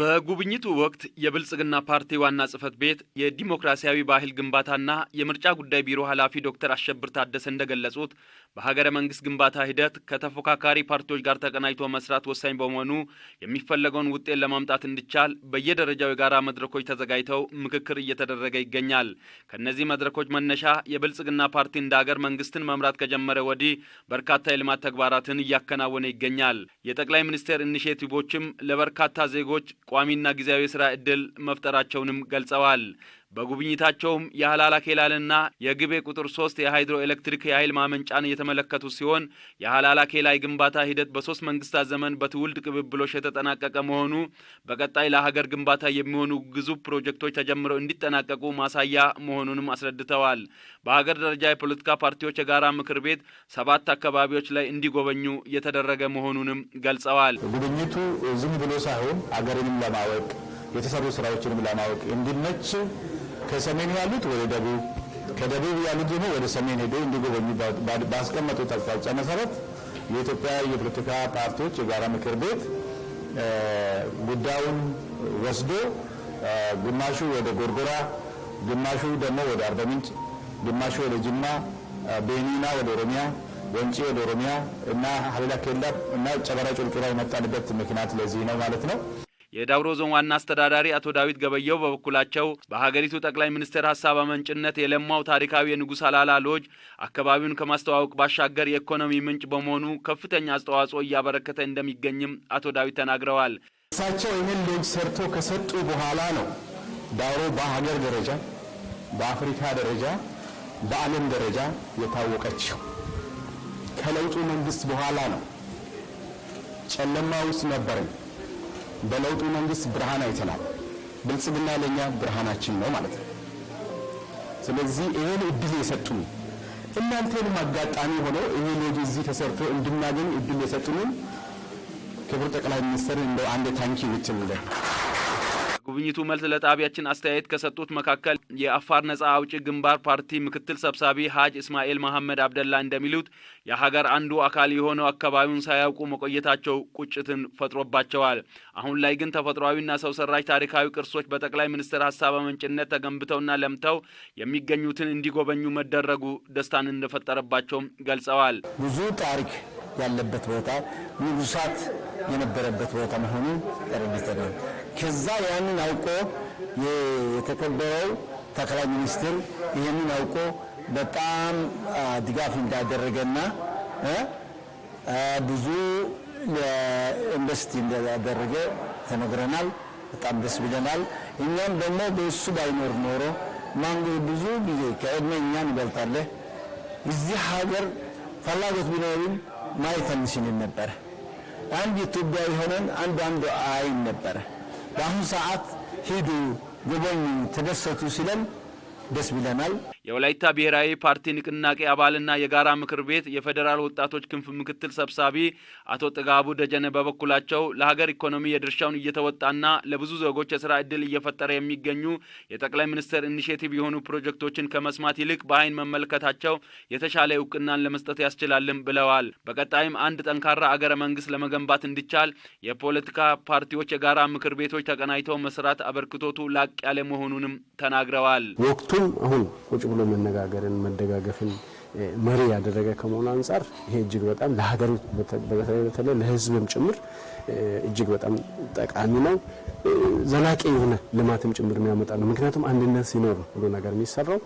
በጉብኝቱ ወቅት የብልጽግና ፓርቲ ዋና ጽህፈት ቤት የዲሞክራሲያዊ ባህል ግንባታና የምርጫ ጉዳይ ቢሮ ኃላፊ ዶክተር አሸብር ታደሰ እንደገለጹት በሀገረ መንግስት ግንባታ ሂደት ከተፎካካሪ ፓርቲዎች ጋር ተቀናጅቶ መስራት ወሳኝ በመሆኑ የሚፈለገውን ውጤት ለማምጣት እንዲቻል በየደረጃው የጋራ መድረኮች ተዘጋጅተው ምክክር እየተደረገ ይገኛል። ከእነዚህ መድረኮች መነሻ የብልጽግና ፓርቲ እንደ ሀገር መንግስትን መምራት ከጀመረ ወዲህ በርካታ የልማት ተግባራትን እያከናወነ ይገኛል። የጠቅላይ ሚኒስቴር ኢኒሼቲቮችም ለበርካታ ዜጎች ቋሚና ጊዜያዊ የስራ እድል መፍጠራቸውንም ገልጸዋል። በጉብኝታቸውም የህላላ ኬላልና የግቤ ቁጥር ሶስት የሃይድሮ ኤሌክትሪክ የኃይል ማመንጫን እየተመለከቱ ሲሆን የሀላላ ኬላይ ግንባታ ሂደት በሶስት መንግስታት ዘመን በትውልድ ቅብብሎች የተጠናቀቀ መሆኑ በቀጣይ ለሀገር ግንባታ የሚሆኑ ግዙፍ ፕሮጀክቶች ተጀምረው እንዲጠናቀቁ ማሳያ መሆኑንም አስረድተዋል። በሀገር ደረጃ የፖለቲካ ፓርቲዎች የጋራ ምክር ቤት ሰባት አካባቢዎች ላይ እንዲጎበኙ የተደረገ መሆኑንም ገልጸዋል። ጉብኝቱ ዝም ብሎ ሳይሆን አገርንም ለማወቅ የተሰሩ ስራዎችንም ለማወቅ እንዲመች ከሰሜን ያሉት ወደ ደቡብ፣ ከደቡብ ያሉት ደግሞ ወደ ሰሜን ሄደው እንዲጎበኙ ባስቀመጡት አቅጣጫ መሰረት የኢትዮጵያ የፖለቲካ ፓርቲዎች የጋራ ምክር ቤት ጉዳዩን ወስዶ ግማሹ ወደ ጎርጎራ፣ ግማሹ ደግሞ ወደ አርባ ምንጭ፣ ግማሹ ወደ ጅማ፣ ቤኒና ወደ ኦሮሚያ፣ ወንጪ ወደ ኦሮሚያ እና ሀሌላ ኬላ እና ጨበራ ጩርጩራ የመጣንበት ምክንያት ለዚህ ነው ማለት ነው። የዳውሮ ዞን ዋና አስተዳዳሪ አቶ ዳዊት ገበየው በበኩላቸው በሀገሪቱ ጠቅላይ ሚኒስትር ሀሳብ አመንጭነት የለማው ታሪካዊ የንጉሥ አላላ ሎጅ አካባቢውን ከማስተዋወቅ ባሻገር የኢኮኖሚ ምንጭ በመሆኑ ከፍተኛ አስተዋጽኦ እያበረከተ እንደሚገኝም አቶ ዳዊት ተናግረዋል። እሳቸው ይህን ሎጅ ሰርቶ ከሰጡ በኋላ ነው ዳውሮ በሀገር ደረጃ፣ በአፍሪካ ደረጃ፣ በዓለም ደረጃ የታወቀችው። ከለውጡ መንግስት በኋላ ነው። ጨለማ ውስጥ ነበርን። በለውጡ መንግስት ብርሃን አይተናል። ብልጽግና ለኛ ብርሃናችን ነው ማለት ነው። ስለዚህ ይሄን እድል የሰጡን እናንተንም አጋጣሚ ሆኖ ይሄ ሎጅ እዚህ ተሰርቶ እንድናገኝ እድል የሰጡን ክቡር ጠቅላይ ሚኒስትር እንደ አንድ ታንኪ ልትልልን ጉብኝቱ መልስ ለጣቢያችን አስተያየት ከሰጡት መካከል የአፋር ነጻ አውጪ ግንባር ፓርቲ ምክትል ሰብሳቢ ሀጅ እስማኤል መሐመድ አብደላ እንደሚሉት የሀገር አንዱ አካል የሆነው አካባቢውን ሳያውቁ መቆየታቸው ቁጭትን ፈጥሮባቸዋል። አሁን ላይ ግን ተፈጥሯዊና ሰው ሰራሽ ታሪካዊ ቅርሶች በጠቅላይ ሚኒስትር ሀሳብ አመንጭነት ተገንብተውና ለምተው የሚገኙትን እንዲጎበኙ መደረጉ ደስታን እንደፈጠረባቸውም ገልጸዋል። ብዙ ታሪክ ያለበት ቦታ ንጉሳት የነበረበት ቦታ መሆኑ ቀረብ ከዛ ያንን አውቆ የተከበረው ጠቅላይ ሚኒስትር ይህንን አውቆ በጣም ድጋፍ እንዳደረገና ብዙ ኢንቨስቲ እንዳደረገ ተነግረናል። በጣም ደስ ብለናል። እኛም ደግሞ በእሱ ባይኖር ኖሮ ማንጎ ብዙ ጊዜ ከእድሜ እኛን ይበልጣለህ እዚህ ሀገር ፈላጎት ቢኖርም ማየት አንችልም ነበረ። አንድ ኢትዮጵያዊ ሆነን አንዱ አንዱ አይን ነበረ። በአሁኑ ሰዓት ሂዱ፣ ጎበኙ፣ ተደሰቱ ሲለን ደስ ቢለናል። የወላይታ ብሔራዊ ፓርቲ ንቅናቄ አባልና የጋራ ምክር ቤት የፌዴራል ወጣቶች ክንፍ ምክትል ሰብሳቢ አቶ ጥጋቡ ደጀነ በበኩላቸው ለሀገር ኢኮኖሚ የድርሻውን እየተወጣና ለብዙ ዜጎች የስራ እድል እየፈጠረ የሚገኙ የጠቅላይ ሚኒስትር ኢኒሽቲቭ የሆኑ ፕሮጀክቶችን ከመስማት ይልቅ በአይን መመልከታቸው የተሻለ እውቅናን ለመስጠት ያስችላልም ብለዋል። በቀጣይም አንድ ጠንካራ አገረ መንግስት ለመገንባት እንዲቻል የፖለቲካ ፓርቲዎች የጋራ ምክር ቤቶች ተቀናጅተው መስራት አበርክቶቱ ላቅ ያለ መሆኑንም ተናግረዋል። ወቅቱም አሁን ቁጭ ብሎ ብሎ መነጋገርን መደጋገፍን መሪ ያደረገ ከመሆኑ አንጻር ይሄ እጅግ በጣም ለሀገር በተለይ በተለይ ለሕዝብም ጭምር እጅግ በጣም ጠቃሚ ነው። ዘላቂ የሆነ ልማትም ጭምር የሚያመጣ ነው። ምክንያቱም አንድነት ሲኖር ሁሉ ነገር የሚሰራው